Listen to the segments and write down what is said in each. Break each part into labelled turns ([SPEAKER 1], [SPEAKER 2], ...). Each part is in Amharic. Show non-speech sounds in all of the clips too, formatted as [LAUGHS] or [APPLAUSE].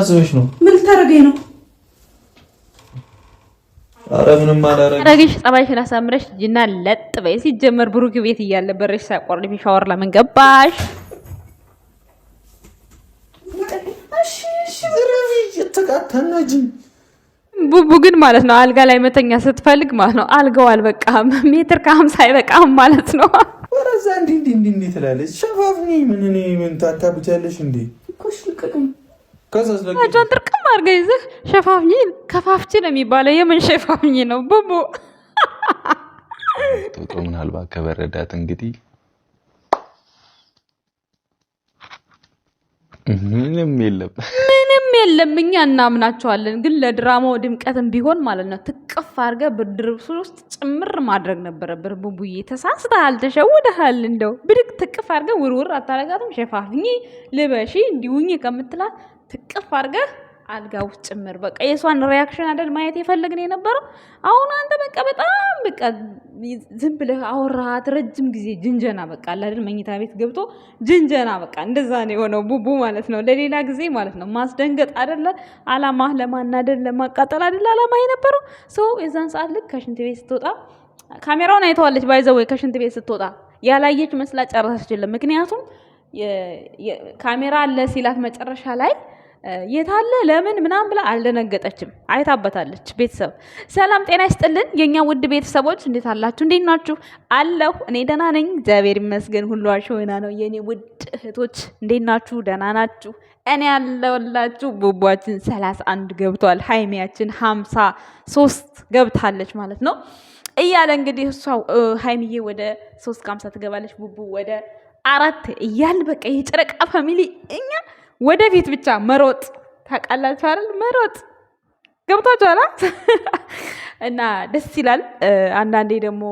[SPEAKER 1] አስበሽ ነው? ምን ልታረገኝ ነው? አረ ምንም
[SPEAKER 2] ጸባይሽን አሳምረሽ ጅና ለጥ በይ። ሲጀመር ብሩክ ቤት እያለ በረሽ ሳቆርልሽ ሻወር ለምን ገባሽ? ቡቡ ግን ማለት ነው አልጋ ላይ መተኛ ስትፈልግ ማለት ነው አልጋው አልበቃም፣ ሜትር ከሀምሳ አይበቃም ማለት ነው።
[SPEAKER 1] ወረዛ እንዲ እንዲ እንዲ ትላለች። ሸፋፍኝ ምን ምን ታታብቻለሽ እንዴ?
[SPEAKER 2] ኮሽ ልቀቅም
[SPEAKER 1] ከዛስለእጇን
[SPEAKER 2] ጥርቅም አድርገህ ይዘህ ሸፋፍኝ ከፋፍች ነው የሚባለው። የምን ሸፋፍኝ ነው ቦቦ?
[SPEAKER 1] ምናልባት ከበረዳት እንግዲህ ምንም የለም፣
[SPEAKER 2] ምንም የለም። እኛ እናምናቸዋለን፣ ግን ለድራማው ድምቀትም ቢሆን ማለት ነው ትቅፍ አድርገህ ብድርብሱ ውስጥ ጭምር ማድረግ ነበረብህ። ቡቡዬ ተሳስተሃል፣ ተሸውደሃል። እንደው ብድግ ትቅፍ አድርገህ ውርውር አታረጋትም? ሸፋፍኝ ልበሺ እንዲሁኝ ከምትላት ትቅፍ አድርገህ አልጋ ውስጥ ጭምር በቃ የእሷን ሪያክሽን አይደል ማየት የፈለግን የነበረው። አሁን አንተ በቃ በጣም በቃ ዝም ብለህ አወራት ረጅም ጊዜ ጅንጀና በቃ አይደል መኝታ ቤት ገብቶ ጅንጀና በቃ እንደዛ ነው የሆነው። ቡቡ ማለት ነው ለሌላ ጊዜ ማለት ነው ማስደንገጥ አይደለ አላማ፣ ለማናደድ ለማቃጠል አይደለ አላማ የነበረው ሰው የዛን ሰዓት ልክ ከሽንት ቤት ስትወጣ ካሜራውን አይተዋለች። ባይዘ ወይ ከሽንት ቤት ስትወጣ ያላየች መስላ ጨረሰችልን። ምክንያቱም ካሜራ አለ ሲላት መጨረሻ ላይ የታለ ለምን ምናምን ብላ አልደነገጠችም። አይታበታለች። ቤተሰብ ሰላም ጤና ይስጥልን የእኛ ውድ ቤተሰቦች እንዴት አላችሁ? እንዴት ናችሁ? አለሁ እኔ ደህና ነኝ፣ እግዚአብሔር ይመስገን። ሁሉ አሸወና ነው የእኔ ውድ እህቶች፣ እንዴት ናችሁ? ደህና ናችሁ? እኔ ያለውላችሁ ቡቧችን ሰላሳ አንድ ገብቷል። ሀይሚያችን ሀምሳ ሶስት ገብታለች ማለት ነው እያለ እንግዲህ እሷ ሀይሚዬ ወደ ሶስት ከሀምሳ ትገባለች፣ ቡቡ ወደ አራት እያል በቃ የጨረቃ ፋሚሊ እኛ ወደፊት ብቻ መሮጥ ታውቃላችሁ አይደል? መሮጥ ገብቷችኋል። እና ደስ ይላል። አንዳንዴ ደግሞ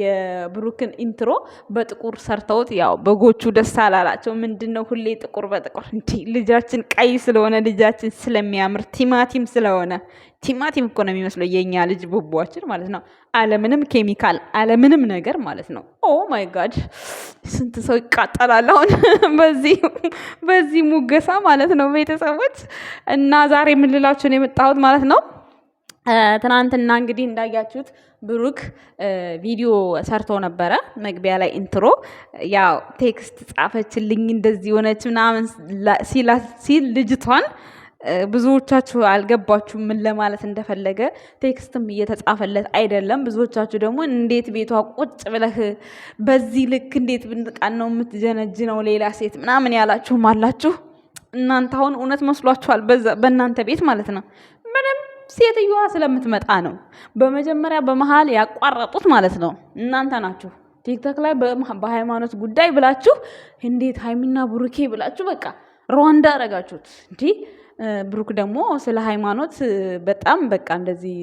[SPEAKER 2] የብሩክን ኢንትሮ በጥቁር ሰርተውት ያው በጎቹ ደስ አላላቸው። ምንድን ነው ሁሌ ጥቁር በጥቁር እንዲ ልጃችን ቀይ ስለሆነ ልጃችን ስለሚያምር ቲማቲም ስለሆነ ቲማቲም እኮ ነው የሚመስለው የእኛ ልጅ ቡቧችን ማለት ነው። አለምንም ኬሚካል አለምንም ነገር ማለት ነው። ኦ ማይ ጋድ ስንት ሰው ይቃጠላል አሁን [LAUGHS] በዚህ ሙገሳ ማለት ነው ቤተሰቦች። እና ዛሬ የምንላቸውን የመጣሁት ማለት ነው ትናንትና እንግዲህ እንዳያችሁት ብሩክ ቪዲዮ ሰርቶ ነበረ። መግቢያ ላይ ኢንትሮ ያው ቴክስት ጻፈችልኝ እንደዚህ የሆነች ምናምን ሲል ልጅቷን ብዙዎቻችሁ አልገባችሁ ምን ለማለት እንደፈለገ። ቴክስትም እየተጻፈለት አይደለም። ብዙዎቻችሁ ደግሞ እንዴት ቤቷ ቁጭ ብለህ በዚህ ልክ እንዴት ብንጥቃን ነው የምትጀነጅነው ሌላ ሴት ምናምን ያላችሁም አላችሁ። እናንተ አሁን እውነት መስሏችኋል፣ በእናንተ ቤት ማለት ነው ምንም ሴትዮዋ ስለምትመጣ ነው። በመጀመሪያ በመሀል ያቋረጡት ማለት ነው እናንተ ናችሁ። ቲክቶክ ላይ በሃይማኖት ጉዳይ ብላችሁ እንዴት ሀይሚና ብሩኬ ብላችሁ በቃ ሩዋንዳ አረጋችሁት። እንዲ ብሩክ ደግሞ ስለ ሃይማኖት በጣም በቃ እንደዚህ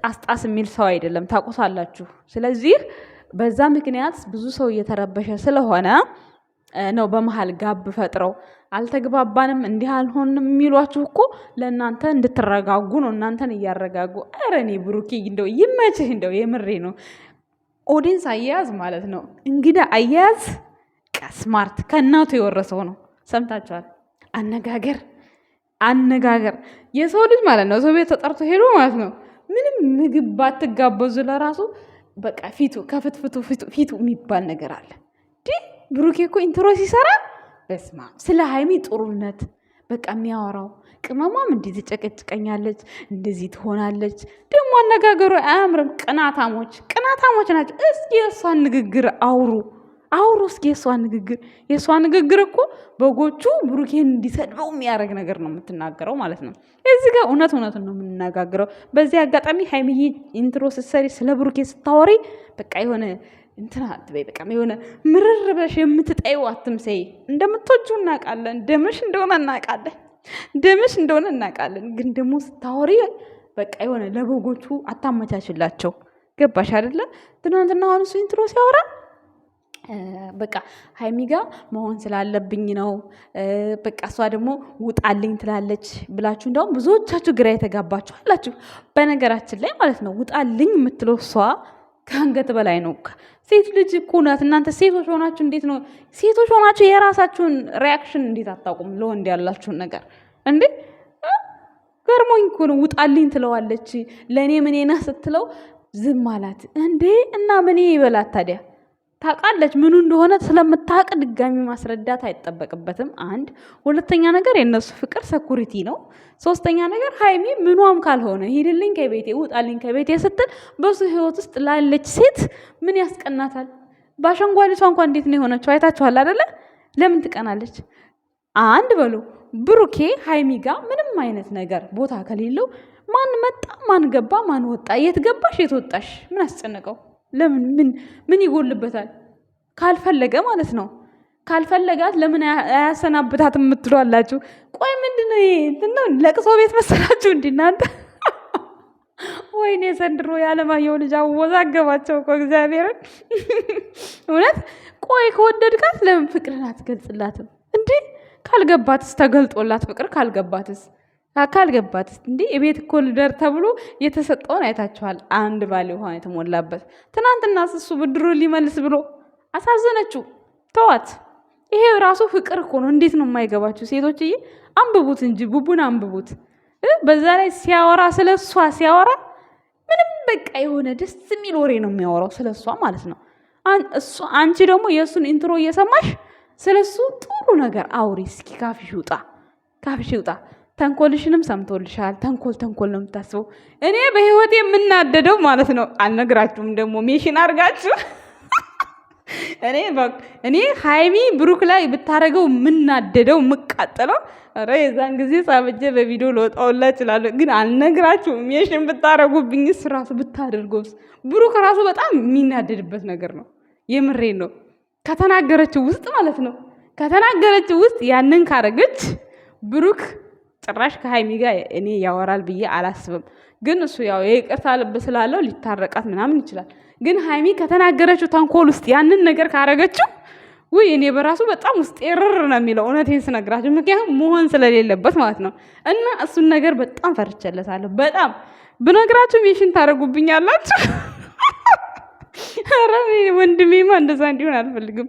[SPEAKER 2] ጣስጣስ የሚል ሰው አይደለም፣ ታቁሳላችሁ። ስለዚህ በዛ ምክንያት ብዙ ሰው እየተረበሸ ስለሆነ ነው በመሀል ጋብ ፈጥረው አልተግባባንም፣ እንዲህ አልሆንም የሚሏችሁ እኮ ለእናንተ እንድትረጋጉ ነው። እናንተን እያረጋጉ ኧረ እኔ ብሩኬ እንደው ይመችህ፣ እንደው የምሬ ነው። ኦዲንስ አያያዝ ማለት ነው እንግዳ አያያዝ ስማርት ከእናቱ የወረሰው ነው። ሰምታችኋል። አነጋገር አነጋገር የሰው ልጅ ማለት ነው ሰው ቤት ተጠርቶ ሄዶ ማለት ነው ምንም ምግብ ባትጋበዙ ለራሱ በቃ ፊቱ ከፍትፍቱ ፊቱ የሚባል ነገር አለ። ብሩኬ እኮ ኢንትሮ ሲሰራ በስማ ስለ ሀይሚ ጥሩነት በቃ የሚያወራው ቅመሟም እንደዚህ ጨቀጭቀኛለች፣ እንደዚህ ትሆናለች። ደግሞ አነጋገሩ አያምርም። ቅናታሞች ቅናታሞች ናቸው። እስኪ የእሷን ንግግር አውሩ አውሩ እስኪ የእሷ ንግግር የእሷ ንግግር እኮ በጎቹ ብሩኬን እንዲሰድበው የሚያደርግ ነገር ነው የምትናገረው ማለት ነው። እዚህ ጋር እውነት እውነቱን ነው የምንነጋግረው። በዚህ አጋጣሚ ሀይሚዬ ኢንትሮ ስትሰሪ ስለ ብሩኬ ስታወሪ በቃ የሆነ እንትና አትበይ። በቃ የሆነ ምርር ብለሽ የምትጠይው አትምሰይ። እንደምትወጁ እናውቃለን። ደምሽ እንደሆነ እናውቃለን። ደምሽ እንደሆነ እናውቃለን። ግን ደግሞ ስታወሪ በቃ የሆነ ለበጎቹ አታመቻችላቸው። ገባሽ አይደለ? ትናንትና አሁን እሱ ኢንትሮ ሲያወራ በቃ ሀይሚ ጋ መሆን ስላለብኝ ነው። በቃ እሷ ደግሞ ውጣልኝ ትላለች ብላችሁ እንዲሁም ብዙዎቻችሁ ግራ የተጋባችሁ አላችሁ። በነገራችን ላይ ማለት ነው ውጣልኝ የምትለው እሷ ከአንገት በላይ ነው። ሴት ልጅ እኮ ናት። እናንተ ሴቶች ሆናችሁ እንዴት ነው ሴቶች ሆናችሁ የራሳችሁን ሪያክሽን እንዴት አታውቁም? ለወንድ ያላችሁን ነገር እንዴ ገርሞኝ እኮ ነው። ውጣልኝ ትለዋለች። ለእኔ ምኔና ስትለው ዝም አላት እንዴ። እና ምኔ ይበላት ታዲያ? ታውቃለች ምኑ እንደሆነ ስለምታውቅ ድጋሚ ማስረዳት አይጠበቅበትም። አንድ ሁለተኛ ነገር የእነሱ ፍቅር ሰኩሪቲ ነው። ሶስተኛ ነገር ሀይሚ ምኗም ካልሆነ ሂድልኝ ከቤቴ ውጣልኝ ከቤቴ ስትል በሱ ህይወት ውስጥ ላለች ሴት ምን ያስቀናታል? በአሸንጓሊቷ እንኳ እንዴት ነው የሆነችው? አይታችኋል አደለ? ለምን ትቀናለች? አንድ በሉ ብሩኬ ሀይሚ ጋ ምንም አይነት ነገር ቦታ ከሌለው ማን መጣ ማን ገባ ማን ወጣ የት ገባሽ የት ወጣሽ ምን አስጨነቀው? ለምን ምን ምን ይጎልበታል? ካልፈለገ ማለት ነው። ካልፈለጋት ለምን አያሰናብታት የምትሉ አላችሁ። ቆይ ምንድነው ይሄ? እንትን ነው ለቅሶ ቤት መሰላችሁ እንዲ እናንተ። [LAUGHS] ወይኔ ዘንድሮ የአለማየሁ ልጅ አወዛገባቸው እኮ እግዚአብሔርን። [LAUGHS] እውነት ቆይ ከወደድካት ለምን ፍቅርን አትገልጽላትም እንዴ? ካልገባትስ ተገልጦላት ፍቅር ካልገባትስ ገባት እንዲህ የቤት እኮ ልደር ተብሎ የተሰጠውን አይታችኋል። አንድ ባል ውሃ የተሞላበት ትናንትና ስሱ ብድሩን ሊመልስ ብሎ አሳዘነችው። ተዋት። ይሄ ራሱ ፍቅር እኮ ነው። እንዴት ነው የማይገባችሁ ሴቶችዬ? አንብቡት እንጂ ቡቡን አንብቡት። በዛ ላይ ሲያወራ ስለ እሷ ሲያወራ ምንም በቃ የሆነ ደስ የሚል ወሬ ነው የሚያወራው ስለ እሷ ማለት ነው። አንቺ ደግሞ የእሱን ኢንትሮ እየሰማሽ ስለ እሱ ጥሩ ነገር አውሪ እስኪ። ካፍሽ ይውጣ፣ ካፍሽ ይውጣ። ተንኮልሽንም ሰምቶልሻል። ተንኮል ተንኮል ነው የምታስበው። እኔ በህይወት የምናደደው ማለት ነው አልነግራችሁም። ደግሞ ሜሽን አድርጋችሁ [LAUGHS] እኔ እኔ ሀይሚ ብሩክ ላይ ብታደረገው የምናደደው የምቃጠለው ኧረ የዛን ጊዜ ሳብጀ በቪዲዮ ለወጣውላ ይችላሉ፣ ግን አልነግራችሁም። ሜሽን ብታደረጉብኝ ስራሱ ራሱ ብሩክ ራሱ በጣም የሚናደድበት ነገር ነው። የምሬ ነው። ከተናገረችው ውስጥ ማለት ነው ከተናገረችው ውስጥ ያንን ካረገች ብሩክ ጭራሽ ከሀይሚ ጋር እኔ ያወራል ብዬ አላስብም። ግን እሱ ያው የይቅርታ ልብ ስላለው ሊታረቃት ምናምን ይችላል። ግን ሀይሚ ከተናገረችው ተንኮል ውስጥ ያንን ነገር ካረገችው ውይ እኔ በራሱ በጣም ውስጥ የርር ነው የሚለው እውነቴን ስነግራችሁ፣ ምክንያቱም መሆን ስለሌለበት ማለት ነው። እና እሱን ነገር በጣም ፈርቼለታለሁ። በጣም ብነግራችሁም የሽን ታደርጉብኛላችሁ። [LAUGHS] ኧረ ወንድሜማ እንደዛ እንዲሆን አልፈልግም።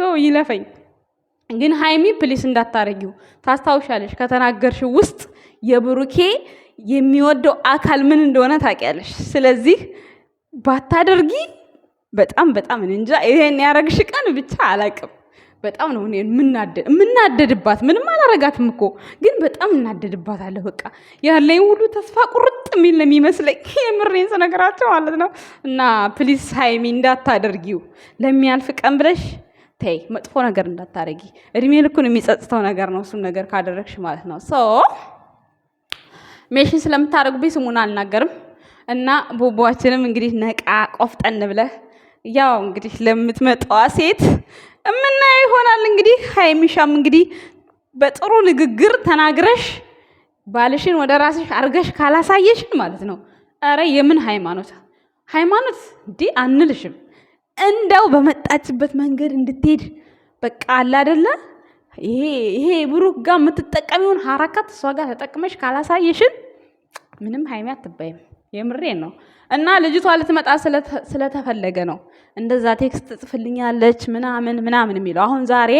[SPEAKER 2] ሰው ይለፈኝ። ግን ሀይሚ ፕሊስ እንዳታረጊው ታስታውሻለሽ። ከተናገርሽ ውስጥ የብሩኬ የሚወደው አካል ምን እንደሆነ ታውቂያለሽ። ስለዚህ ባታደርጊ በጣም በጣም እንጃ። ይሄን ያረግሽ ቀን ብቻ አላቅም። በጣም ነው እኔ የምናደድባት። ምንም አላረጋትም እኮ ግን በጣም እናደድባታለሁ። በቃ ያለኝ ሁሉ ተስፋ ቁርጥ የሚል ነው የሚመስለኝ፣ [LAUGHS] የምሬን ስነግራቸው ማለት ነው። እና ፕሊስ ሀይሚ እንዳታደርጊው ለሚያልፍ ቀን ብለሽ ተይ መጥፎ ነገር እንዳታረጊ። እድሜ ልኩን የሚጸጽተው ነገር ነው፣ እሱም ነገር ካደረግሽ ማለት ነው። ሶ ሜሽን ስለምታደርጉብኝ ስሙን አልናገርም እና ቦቦችንም እንግዲህ ነቃ ቆፍጠን ብለህ ያው እንግዲህ ለምትመጣዋ ሴት እምናየው ይሆናል። እንግዲህ ሀይሚሻም እንግዲህ በጥሩ ንግግር ተናግረሽ ባልሽን ወደ ራስሽ አርገሽ ካላሳየሽን ማለት ነው። ኧረ የምን ሃይማኖት ሃይማኖት እንዲህ አንልሽም። እንደው በመጣችበት መንገድ እንድትሄድ በቃ አለ አደለ ይሄ ይሄ ብሩክ ጋር የምትጠቀሚውን ሀረካት እሷ ጋር ተጠቅመሽ ካላሳየሽን ምንም ሀይሚ አትባይም። የምሬ ነው። እና ልጅቷ ልትመጣ ስለተፈለገ ነው እንደዛ ቴክስት ትጽፍልኛለች ምናምን ምናምን የሚለው አሁን ዛሬ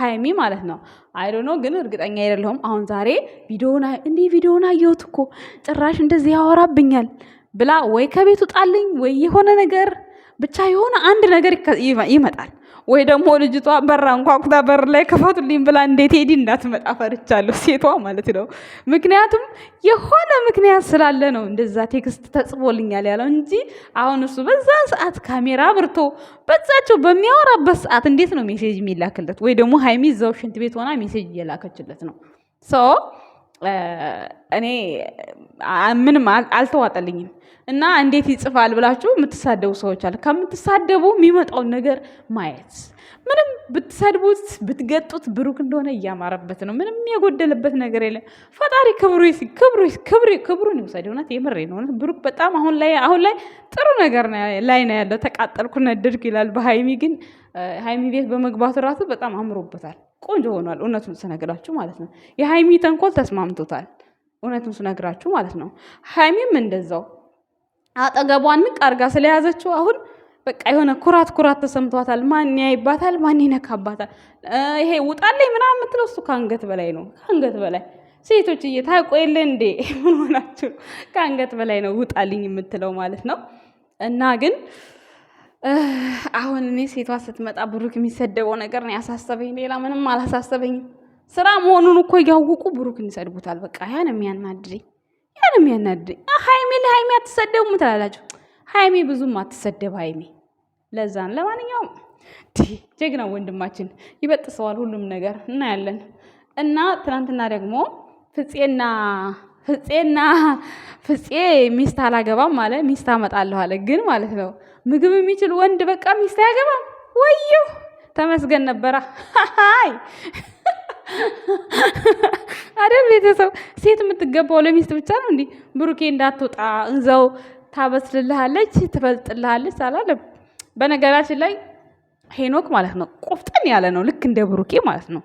[SPEAKER 2] ሀይሚ ማለት ነው። አይዶኖ ግን እርግጠኛ አይደለሁም። አሁን ዛሬ ቪዲዮን እንዲህ ቪዲዮን አየሁት እኮ ጭራሽ እንደዚህ ያወራብኛል ብላ ወይ ከቤቱ ጣልኝ ወይ የሆነ ነገር ብቻ የሆነ አንድ ነገር ይመጣል። ወይ ደግሞ ልጅቷ በራ እንኳኩታ በር ላይ ክፈቱልኝ ብላ እንዴት ሄዲ እንዳትመጣ ፈርቻለሁ፣ ሴቷ ማለት ነው። ምክንያቱም የሆነ ምክንያት ስላለ ነው እንደዛ ቴክስት ተጽፎልኛል ያለው እንጂ አሁን እሱ በዛ ሰዓት ካሜራ ብርቶ በዛቸው በሚያወራበት ሰዓት እንዴት ነው ሜሴጅ የሚላክለት? ወይ ደግሞ ሀይሚ እዛው ሽንት ቤት ሆና ሜሴጅ እየላከችለት ነው። እኔ ምንም አልተዋጠልኝም እና እንዴት ይጽፋል ብላችሁ የምትሳደቡ ሰዎች አለ። ከምትሳደቡ የሚመጣውን ነገር ማየት ምንም ብትሰድቡት ብትገጡት ብሩክ እንደሆነ እያማረበት ነው። ምንም የጎደለበት ነገር የለም። ፈጣሪ ክብሩን ይውሰድ። እውነት የምሬ ነው። ብሩክ በጣም አሁን ላይ አሁን ላይ ጥሩ ነገር ላይ ነው ያለው። ተቃጠልኩ ነደድኩ ይላል። በሀይሚ ግን ሀይሚ ቤት በመግባቱ ራሱ በጣም አምሮበታል። ቆንጆ ሆኗል። እውነቱን ስነግራችሁ ማለት ነው። የሀይሚ ተንኮል ተስማምቶታል። እውነቱን ስነግራችሁ ማለት ነው። ሀይሚም እንደዛው አጠገቧን ንቅ አርጋ ስለያዘችው አሁን በቃ የሆነ ኩራት ኩራት ተሰምቷታል። ማን ያይባታል? ማን ይነካባታል? ይሄ ውጣልኝ ምናምን የምትለው እሱ ከአንገት በላይ ነው። ከአንገት በላይ ሴቶች እየታቆ የለ እንዴ? [LAUGHS] ምን ሆናችሁ? ከአንገት በላይ ነው ውጣልኝ የምትለው ማለት ነው እና ግን አሁን እኔ ሴቷ ስትመጣ ብሩክ የሚሰደበው ነገር ነው ያሳሰበኝ፣ ሌላ ምንም አላሳሰበኝም። ስራ መሆኑን እኮ እያወቁ ብሩክን ይሰድቡታል። በቃ ያን የሚያናድደኝ ያን የሚያናድደኝ ሀይሜ ለሀይሜ አትሰደቡም ትላላችሁ። ሀይሜ ብዙም አትሰደብ ሀይሜ ለዛን። ለማንኛውም ጀግና ወንድማችን ይበጥሰዋል ሁሉም ነገር እናያለን። እና ትናንትና ደግሞ ፍፄና ፍፄና ፍፄ ሚስት አላገባም አለ ሚስት አመጣለሁ አለ ግን ማለት ነው ምግብ የሚችል ወንድ በቃ ሚስት አያገባም። ወዩ ተመስገን ነበራ። ሀይ አይደል? ቤተሰብ ሴት የምትገባው ለሚስት ብቻ ነው። እንዲህ ብሩኬ እንዳትወጣ እንዘው ታበስልልሃለች፣ ትፈልጥልሃለች አላለም። በነገራችን ላይ ሄኖክ ማለት ነው ቆፍጠን ያለ ነው፣ ልክ እንደ ብሩኬ ማለት ነው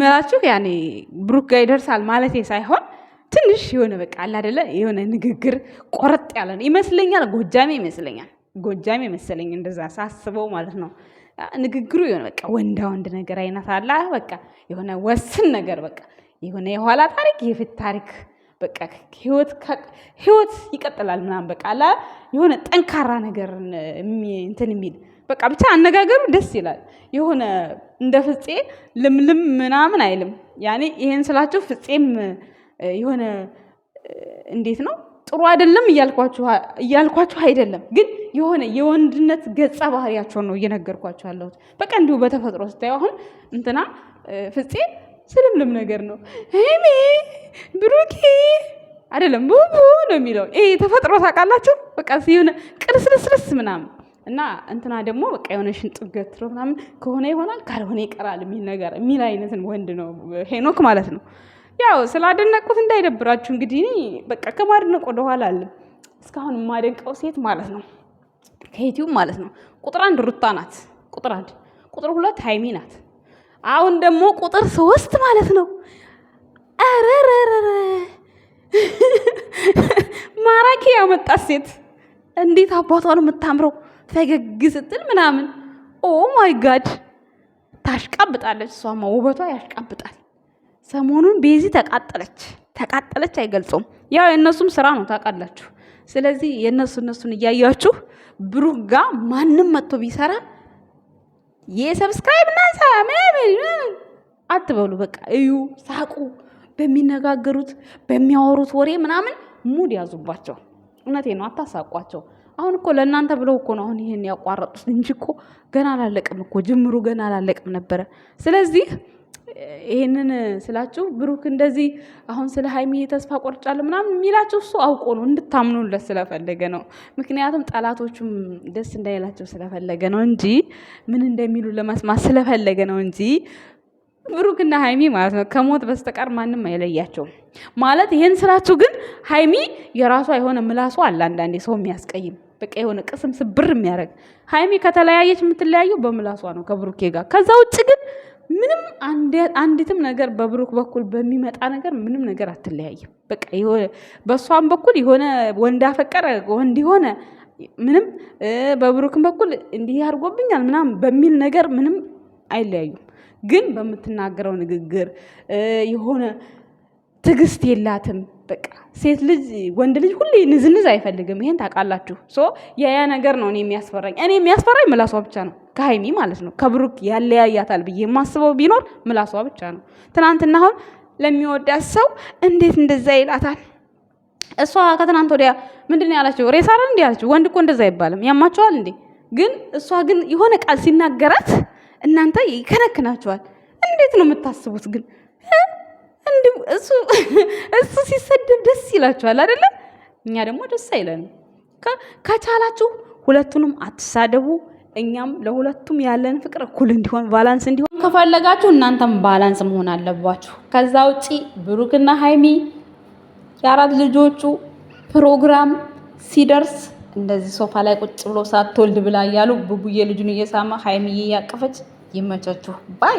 [SPEAKER 2] ምላችሁ ያኔ ብሩክ ጋር ይደርሳል ማለት ሳይሆን ትንሽ የሆነ በቃ አላደለ የሆነ ንግግር ቆረጥ ያለ ነው ይመስለኛል። ጎጃሜ ይመስለኛል። ጎጃም የመሰለኝ እንደዛ ሳስበው ማለት ነው። ንግግሩ የሆነ በቃ ወንዳ ወንድ ነገር አይነት አላ በቃ የሆነ ወስን ነገር በቃ የሆነ የኋላ ታሪክ የፊት ታሪክ በቃ ህይወት ይቀጥላል ምናምን በቃ አላ የሆነ ጠንካራ ነገር እንትን የሚል በቃ ብቻ አነጋገሩ ደስ ይላል። የሆነ እንደ ፍፄ ልምልም ምናምን አይልም። ያኔ ይሄን ስላችሁ ፍፄም የሆነ እንዴት ነው ጥሩ አይደለም እያልኳችሁ አይደለም ግን የሆነ የወንድነት ገጸ ባህሪያቸውን ነው እየነገርኳቸው ያለሁት። በቃ እንዲሁ በተፈጥሮ ስታዩ አሁን እንትና ፍፄ ስልምልም ነገር ነው ሄሜ ብሩኪ አይደለም ቡቡ ነው የሚለው። ይሄ ተፈጥሮ ታውቃላችሁ። በቃ ሲሆነ ቅርስልስልስ ምናምን እና እንትና ደግሞ በቃ የሆነ ሽንጡ ገትሮ ምናምን ከሆነ ይሆናል ካልሆነ ይቀራል የሚል ነገር የሚል አይነትን ወንድ ነው ሄኖክ ማለት ነው። ያው ስላደነቁት እንዳይደብራችሁ እንግዲህ በቃ ከማድነቅ ወደኋላ አለ እስካሁን የማደንቀው ሴት ማለት ነው ከዩቲዩብ ማለት ነው። ቁጥር አንድ ሩታ ናት። ቁጥር አንድ ቁጥር ሁለት ሀይሚ ናት። አሁን ደግሞ ቁጥር ሶስት ማለት ነው። አረረረረ [LAUGHS] ማራኪ ያመጣት ሴት እንዴት አባቷ ነው የምታምረው! ፈገግ ስትል ምናምን ኦ ማይ ጋድ ታሽቃብጣለች። እሷማ ውበቷ ያሽቃብጣል። ሰሞኑን ቤዚ ተቃጠለች። ተቃጠለች ተቃጠለች አይገልጾም። ያው የእነሱም ስራ ነው ታውቃላችሁ። ስለዚህ የእነሱ እነሱን እያያችሁ ብሩክ ጋ ማንም መጥቶ ቢሰራ የሰብስክራይብ ናሳ አትበሉ። በቃ እዩ፣ ሳቁ፣ በሚነጋገሩት በሚያወሩት ወሬ ምናምን ሙድ ያዙባቸው። እውነቴ ነው፣ አታሳቋቸው። አሁን እኮ ለእናንተ ብለው እኮ ነው አሁን ይሄን ያቋረጡት እንጂ እኮ ገና አላለቅም እኮ ጅምሩ ገና አላለቅም ነበረ። ስለዚህ ይሄንን ስላችሁ ብሩክ እንደዚህ አሁን ስለ ሀይሚ ተስፋ ቆርጫለሁ ምናምን የሚላችሁ እሱ አውቆ ነው እንድታምኑለት ስለፈለገ ነው። ምክንያቱም ጠላቶቹም ደስ እንዳይላቸው ስለፈለገ ነው እንጂ ምን እንደሚሉ ለመስማት ስለፈለገ ነው እንጂ ብሩክና ሀይሚ ማለት ነው ከሞት በስተቀር ማንም አይለያቸውም። ማለት ይሄን ስላችሁ ግን ሀይሚ የራሷ የሆነ ምላሷ አለ። አንዳንዴ ሰው የሚያስቀይም በቃ የሆነ ቅስም ስብር የሚያደርግ ሀይሚ ከተለያየች የምትለያየው በምላሷ ነው ከብሩኬ ጋር ከዛ ውጭ ግን ምንም አንዲትም ነገር በብሩክ በኩል በሚመጣ ነገር ምንም ነገር አትለያይም። በቃ በእሷም በኩል የሆነ ወንድ አፈቀረ ወንድ የሆነ ምንም በብሩክም በኩል እንዲህ አድርጎብኛል ምናምን በሚል ነገር ምንም አይለያዩም። ግን በምትናገረው ንግግር የሆነ ትግስት የላትም። በቃ ሴት ልጅ ወንድ ልጅ ሁሌ ንዝንዝ አይፈልግም። ይሄን ታውቃላችሁ። ሶ ያ ያ ነገር ነው እኔ የሚያስፈራኝ እኔ የሚያስፈራኝ ምላሷ ብቻ ነው። ከሀይሚ ማለት ነው ከብሩክ ያለያያታል ብዬ የማስበው ቢኖር ምላሷ ብቻ ነው። ትናንትና አሁን ለሚወዳት ሰው እንዴት እንደዛ ይላታል? እሷ ከትናንት ወዲያ ምንድን ነው ያላቸው? ሬሳ አይደል እንዴ ያላቸው? ወንድ እኮ እንደዛ አይባልም። ያማቸዋል እንዴ? ግን እሷ ግን የሆነ ቃል ሲናገራት እናንተ ይከነክናቸዋል። እንዴት ነው የምታስቡት? ግን እሱ [LAUGHS] እሱ ሲሰደብ ደስ ይላችኋል አይደለም? እኛ ደግሞ ደስ አይለንም። ከቻላችሁ ሁለቱንም አትሳደቡ። እኛም ለሁለቱም ያለን ፍቅር እኩል እንዲሆን ባላንስ እንዲሆን ከፈለጋችሁ እናንተም ባላንስ መሆን አለባችሁ። ከዛ ውጪ ብሩክና ሀይሚ የአራት ልጆቹ ፕሮግራም ሲደርስ እንደዚህ ሶፋ ላይ ቁጭ ብሎ ሳትወልድ ብላ እያሉ ቡቡዬ ልጁን እየሳመ ሀይሚዬ እያቀፈች ይመቻችሁ ባይ